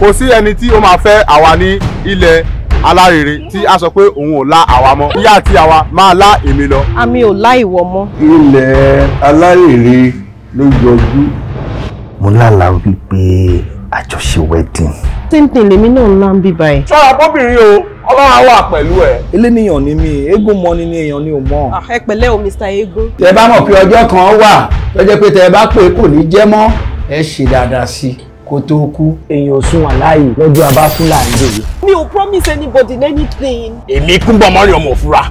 kò sí ẹni tí ó máa fẹ́ àwa ní ilẹ̀ alárèrè tí a sọ pé òun ò lá àwa mọ́ ìyá àti àwa máa lá èmi lọ. àmì ò lá ìwọ mọ́. ilẹ̀ alárèrè ló yọjú. mo lálàá wípé àjọṣe wedding. tíntìn lèmi náà ń lá ń bí báyìí. ṣọ́ra bóbìnrin o ọlọ́run á wà pẹ̀lú ẹ̀. eléníyàn ni mí eégún mọ ni èèyàn ni ò mọ. Ah, ẹ pẹ̀lẹ́ o mr eégún. tẹ bá mọ̀ pé ọjọ́ kan wà tó jẹ́ pé tẹ bá pè kò ní jẹ́ mọ́ ẹ ṣe dáadáa sí i kó tó kú èèyàn ò sún aláàyè lọ́jọ́ abáfúlà ń dèrè. mi ò promise anybody anything. èmi kún bọ́ mọ́rin ọmọ òfura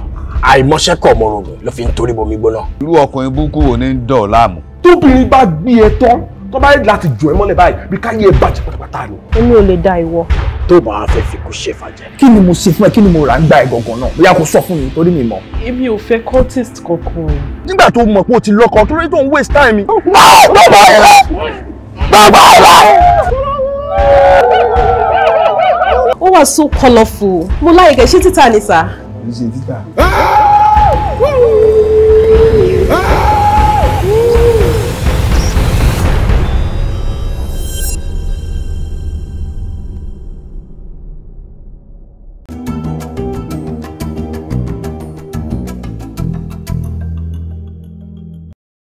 àìmọṣẹ́ kọ̀ mọ́rọ̀gùn ló fi ń torí bomi gbóná. irú ọkùnrin búkú wo ní dọ̀ láàmú. tóbìnrin bá gbé ẹ tán tó bá yẹ láti jù ẹ mọ́lẹ̀ báyìí bí káyé ẹ bàjẹ́ pátápátá ni. èmi ò lè da ìwọ. tó bá a fẹ́ fi kú ṣe fàjẹ́. kí ni mo ṣe fún ẹ kí ni mo rà ń gba ẹ gangan náà bóyá kò sọ fún mi torí mi mọ̀. èmi ò fẹ́ cultist kankan. nígbà tó mọ̀ pé o ti lọ́kọ torí tó ń waste time mi. Oh, was so colorful. Mulai, láyé kẹ̀ ṣé títà ni sà? Kì